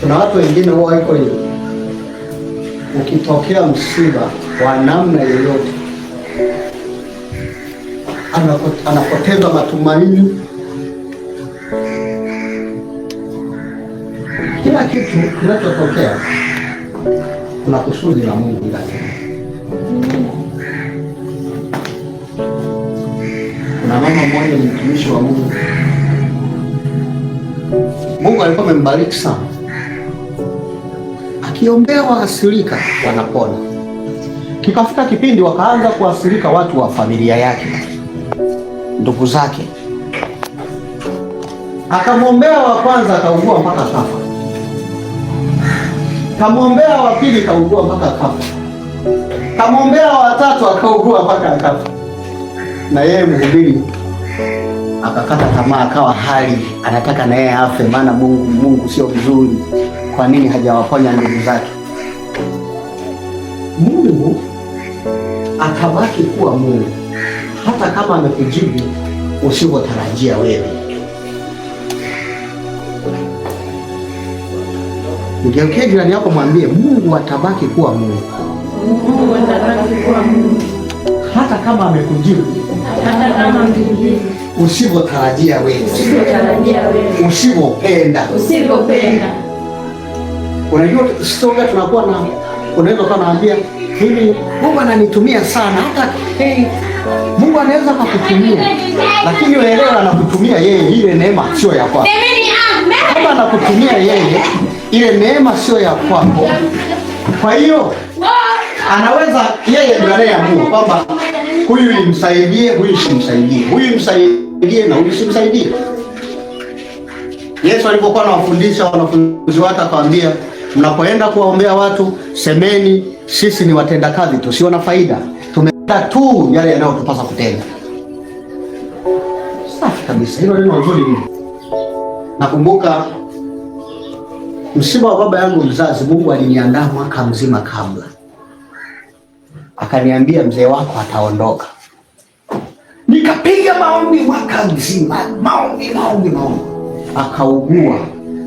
Kuna watu wengine huwa iko hiyo, ukitokea msiba wa namna yoyote, anapoteza matumaini, kila kitu kinachotokea kuna kusudi la Mungu ndani. Kuna mama mmoja mtumishi wa Mungu, Mungu alikuwa amembariki sana wakiombea waasirika wanapona. Kikafika kipindi wakaanza kuasirika watu wa familia yake, ndugu zake. Akamwombea wa kwanza akaugua mpaka kafa, kamwombea wa pili kaugua mpaka kafa, kamwombea wa tatu akaugua mpaka kafa, na yeye mhubiri akakata tamaa, akawa hali anataka na yeye afe, maana Mungu Mungu sio vizuri. Kwa nini hajawaponya ndugu zake? Mungu akabaki kuwa Mungu hata kama amekujibu usivyotarajia wewe. Mgeukie jirani yako, mwambie Mungu atabaki kuwa Mungu. Mungu atabaki kuwa Mungu hata kama amekujibu hata kama amekujibu wewe, usivyotarajia wewe, usivyopenda, usivyopenda Unajua, tukisonga tunakuwa na, unaweza kuwa naambia hivi, Mungu ananitumia sana, hata hey, Mungu anaweza kukutumia, lakini uelewa anakutumia yeye, ile neema sio ya kwako. Kama anakutumia yeye, ile neema sio ya kwako. Kwa hiyo anaweza yeye ndiye anayeamua kwamba huyu nimsaidie, huyu simsaidie, huyu msaidie na huyu simsaidie. Yesu alipokuwa anawafundisha wanafunzi wake akawaambia Mnapoenda kuwaombea watu, semeni sisi ni watendakazi, tusio na faida, tumeenda tu yale yanayotupasa kutenda. Safi kabisa, hilo neno nzuri. Nakumbuka msiba wa baba yangu mzazi, Mungu aliniandaa mwaka mzima kabla, akaniambia mzee wako ataondoka. Nikapiga maombi mwaka mzima, maombi maombi maombi, akaugua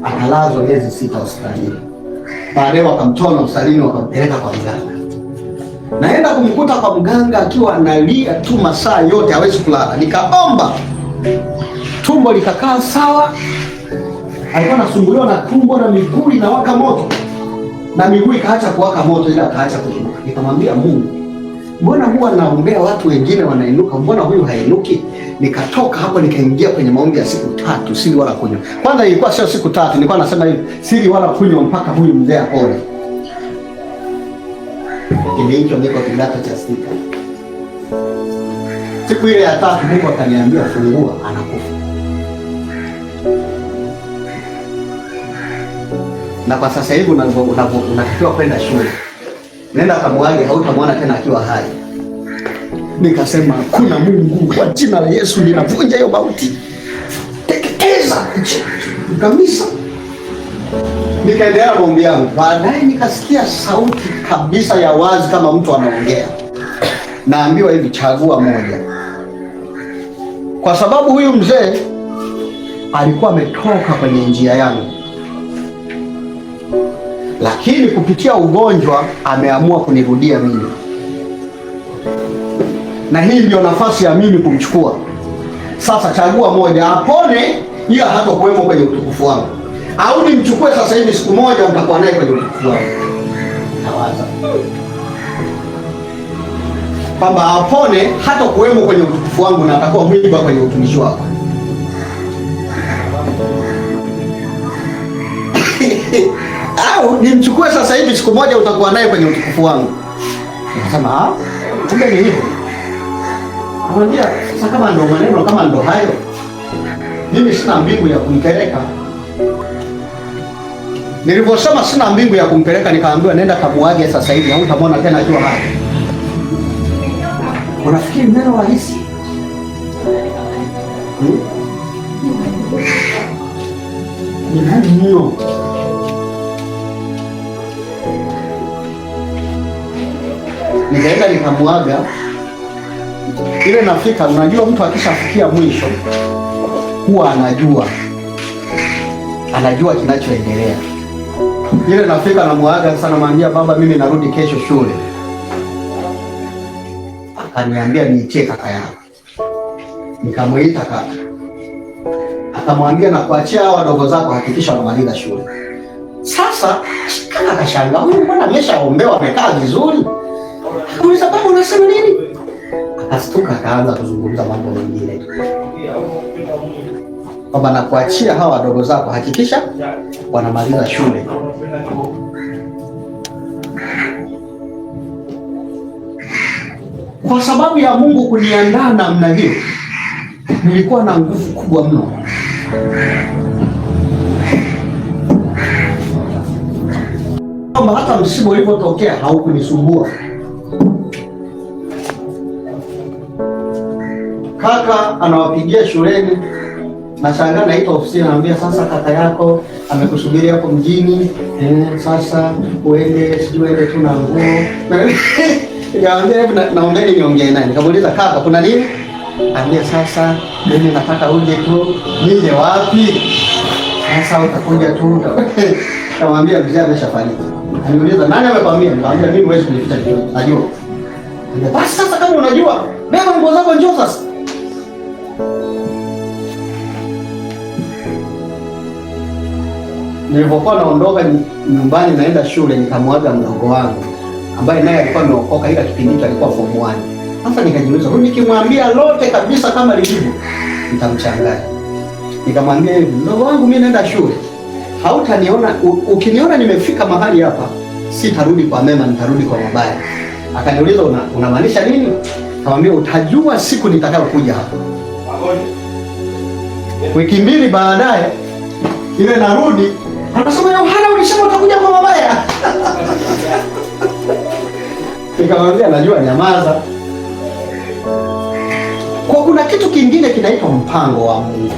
akalazwa miezi sita hospitalini baadaye wakamtoa na usalini wakampeleka kwa mganga. Naenda kumkuta kwa mganga akiwa analia tu masaa yote, hawezi kulala. Nikaomba tumbo likakaa sawa. Alikuwa anasumbuliwa na tumbo na miguu inawaka moto na miguu ikaacha kuwaka moto, ila akaacha kuzunguka. Nikamwambia Mungu mbona huwa naombea watu wengine wanainuka, mbona huyu hainuki? Nikatoka hapo nikaingia kwenye maombi ya siku tatu, sili wala kunywa. Kwanza ilikuwa sio siku tatu, nilikuwa nasema hivi, sili wala kunywa mpaka huyu mzee apone. Kile hicho niko kidato cha sita. Siku ile ya tatu Mungu akaniambia fungua, anakufa. Na kwa sasa hivi unatakiwa kwenda shule nenda kamuage, hautamwona tena akiwa hai. Nikasema kuna Mungu, kwa jina la Yesu ninavunja hiyo mauti, teketeza kabisa. Nikaendelea maombi yangu. Baadaye nikasikia sauti kabisa ya wazi kama mtu anaongea, naambiwa hivi, chagua moja, kwa sababu huyu mzee alikuwa ametoka kwenye njia yangu lakini kupitia ugonjwa ameamua kunirudia mimi, na hii ndio nafasi ya mimi kumchukua. Sasa chagua moja, apone hata hatakuwemo kwenye utukufu wangu, au nimchukue sasa hivi, siku moja mtakuwa naye kwenye utukufu wangu. Nawaza kwamba apone, hatakuwemo kwenye utukufu wangu na atakuwa mwiba kwenye utumishi wako. au nimchukue sasa hivi, siku moja utakuwa naye kwenye utukufu wangu. Nasema ah, kumbe ni hivyo. Anambia sasa, kama ndo maneno kama ndo hayo, mimi sina mbingu ya kumpeleka. Nilivyosema sina mbingu ya kumpeleka, nikaambiwa nenda kamuage sasa hivi, au utamwona tena akiwa hapa. Unafikiri neno rahisi? hmm? ni nani mno nikaenda nikamwaga. Ile nafika, unajua mtu akishafikia mwisho huwa anajua anajua kinachoendelea. Ile nafika namwaga sasa, namwambia baba, mimi narudi kesho shule. Akaniambia niitie kaka yako, nikamwita kaka, akamwambia nakuachia hawa wadogo zako, hakikisha wanamaliza shule. Sasa kaka kashanga, huyu mbona ameshaombewa, amekaa vizuri Akauliza, baba unasema nini? Akastuka akaanza kuzungumza mambo mengine. Baba, nakuachia hawa wadogo zako, hakikisha wanamaliza shule. Kwa sababu ya Mungu kuniandaa namna hiyo, nilikuwa na nguvu kubwa mno. Kwamba hata msiba ulipotokea haukunisumbua. kaka anawapigia shuleni, nashangaa naita ofisini, anamwambia sasa kaka yako amekusubiri hapo mjini eh, sasa uende sijui uende tu na nguo Nikamwambia naombeni niongee naye. Nikamuuliza kaka, kuna nini? Ambia sasa mimi nataka uje tu. Nije wapi? Sasa utakuja tu. Nikamwambia mzee ameshafariki. Aniuliza nani amekwambia? Nikamwambia mimi, huwezi kunificha kitu. Najua. Basi sasa kama unajua, beba nguo zako njoo sasa. Nilipokuwa naondoka nyumbani naenda shule, nikamwaga mdogo wangu ambaye naye alikuwa ameokoka, ila kipindi hicho alikuwa form 1. Sasa nikajiuliza, huyu nikimwambia lote kabisa kama lilivyo nitamchanganya. Nikamwambia hivi, mdogo wangu, mimi naenda shule, hautaniona ukiniona nimefika mahali hapa, sitarudi kwa mema, nitarudi kwa mabaya. Akaniuliza, unamaanisha una nini? Nikamwambia, utajua siku nitakayokuja hapa Wiki mbili baadaye ile narudi, anasema Yohana, ulisema utakuja kwa mabaya. Nikamwambia najua, nyamaza. Kwa kuna kitu kingine kinaitwa mpango wa Mungu.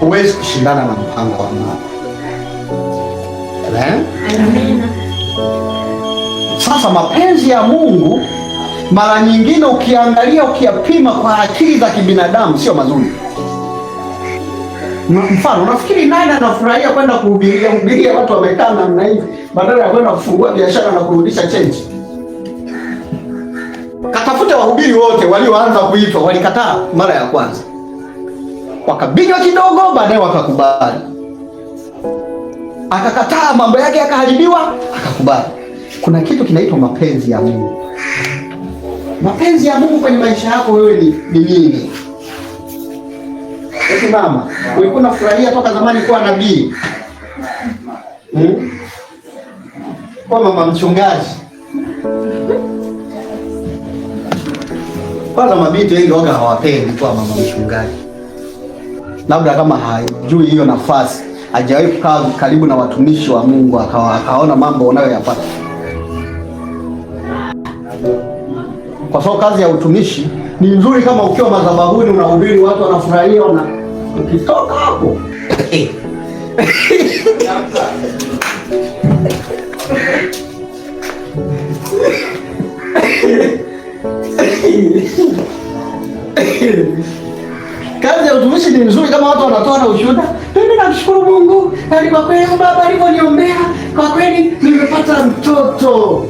Huwezi kushindana na mpango wa Mungu. Eh? Amen. Sasa mapenzi ya Mungu mara nyingine ukiangalia, ukiyapima kwa akili za kibinadamu sio mazuri. Mfano, unafikiri nani anafurahia kwenda kuhubiria hubiria watu wamekaa namna hivi badala ya kwenda kufungua biashara na kurudisha chenji? Katafute wahubiri wote walioanza kuitwa, walikataa mara ya kwanza, wakabinywa kidogo, baadaye wakakubali. Akakataa mambo yake, akaharibiwa, akakubali. Kuna kitu kinaitwa mapenzi ya Mungu mapenzi ya Mungu kwenye maisha yako wewe ni nini? Eti mama, ulikuwa unafurahia toka zamani kuwa nabii hmm? Kwa mama mchungaji kwanza, mabinti wengi waga hawapendi kuwa mama mchungaji, labda kama hajui hiyo nafasi, hajawahi kukaa karibu na watumishi wa Mungu akaona mambo unayoyapata kwa sababu kazi ya utumishi ni nzuri kama ukiwa madhabahuni unahubiri, watu wanafurahia, una ukitoka hapo kazi ya utumishi ni nzuri kama watu wanatoa na ushuhuda. Mimi namshukuru Mungu, kwa kweli baba aliponiombea, kwa kweli nimepata mtoto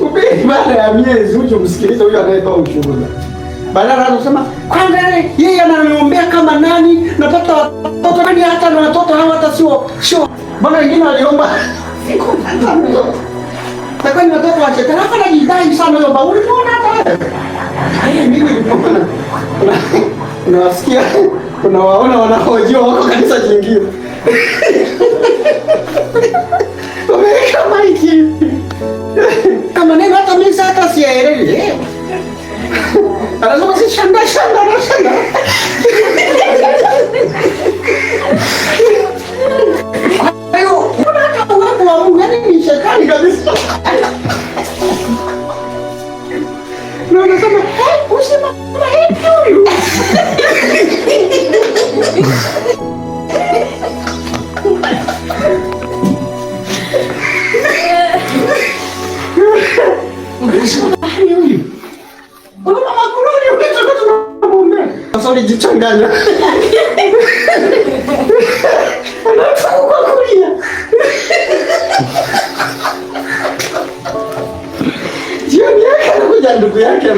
Ubiri baada ya miezi uje msikilize huyo anayetoa ushuhuda. Badala anasema kwanza yeye yeye ananiombea kama nani nataka watoto nani hata na watoto hawa hata sio sio. Bwana wengine waliomba Takwa ni watoto wa shetani. Hapa najidai sana hiyo bauli unaona hata. Haya mimi nimeona. Unawasikia? Unawaona wanaojua wako kanisa jingine. Wameweka maiki. Kamaneva también se atrasia era el leo. Ahora somos el shanda, shanda, shanda.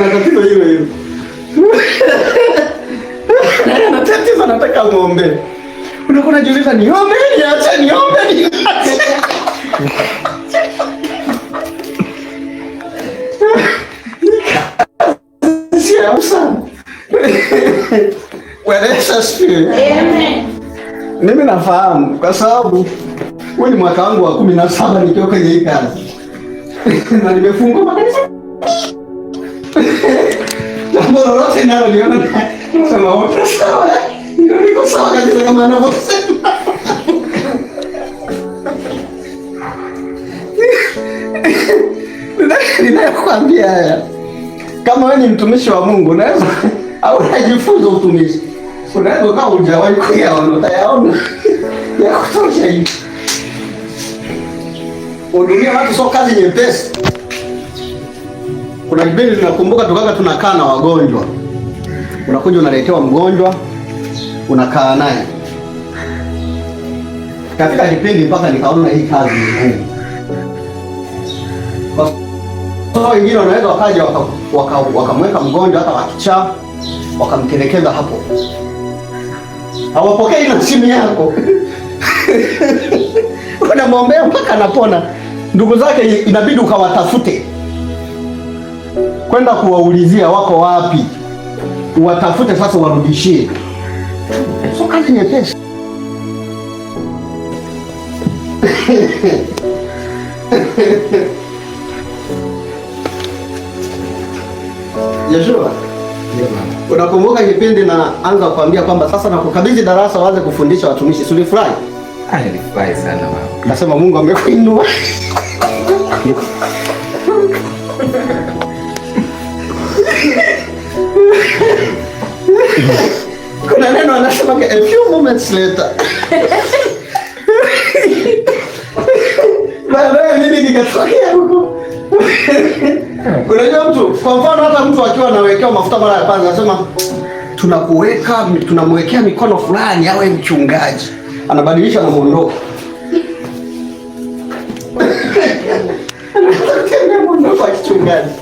na tatizo hilo hilo na na tatizo nataka muombe. Unakuwa unajiuliza niombe niache, niombe niache. Mimi nafahamu kwa sababu huu ni mwaka wangu wa kumi na saba nikiwa kwenye hii kazi na nimefungua makanisa jambo lolote lo sema wote sawa, ndio niko sawa kabisa kama anavyosema. Ninakwambia haya, kama wewe ni mtumishi wa Mungu unaweza au unajifunza utumishi, unaweza hujawahi kuyaona, utayaona ya kutosha hivi. Hudumia watu sio kazi nyepesi. Kuna kipindi tunakumbuka tukaka tunakaa na wagonjwa, unakuja unaletewa mgonjwa unakaa naye. Katika kipindi mpaka nikaona hii kazi ni ngumu, kwa sababu wengine wanaweza wakaja wakamweka mgonjwa hata wakichaa wakamtelekeza hapo, hawapokei na simu yako unamwombea mpaka anapona. Ndugu zake inabidi ukawatafute kwenda kuwaulizia wako wapi, watafute sasa, warudishie. So kazi nyepesi. Yeshua, unakumbuka kipindi na anza kuambia kwamba sasa nakukabidhi darasa waanze kufundisha watumishi, si ulifurahi? Ah, nilifurahi sana mama. Nasema Mungu amekuinua. kuna neno anasema a few moments later baadaye mimi nikatokea huko. Unajua mtu kwa mfano, hata mtu akiwa anawekewa mafuta mara ya kwanza anasema tunakuweka, tunamwekea mikono fulani awe mchungaji, anabadilisha na mwondoko mwondoko wa kichungaji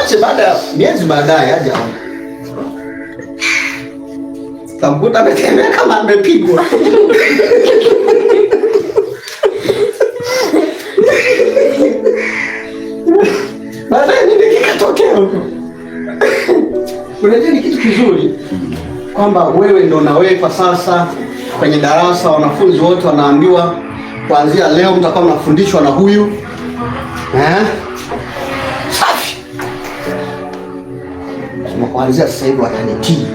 Mwache baada ya miezi baadaye aje aone. Tamkuta ametembea kama amepigwa. Baadaye nini kikatokea huko? Unajua ni kitu kizuri kwamba wewe ndo nawekwa sasa kwenye darasa, wanafunzi wote wanaambiwa kuanzia leo mtakuwa mnafundishwa na huyu eh? kuanzia sasa hivi wananitii.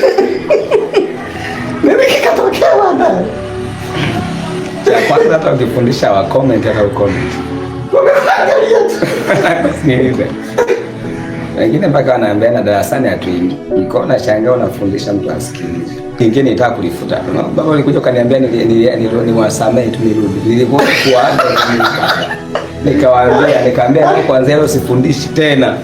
Mimi kikatokea bana. Kwanza hata ukifundisha wa comment hata u comment. Wengine mpaka wanaambia na darasani hatuingi. Niko na shangaa unafundisha mtu asikilize. Pengine nitaka kulifuta. Baba alikuja kaniambia niliwasamehe tu nirudi. Nilikuwa kuaga nikawaambia nikaambia, kwanza leo sifundishi tena.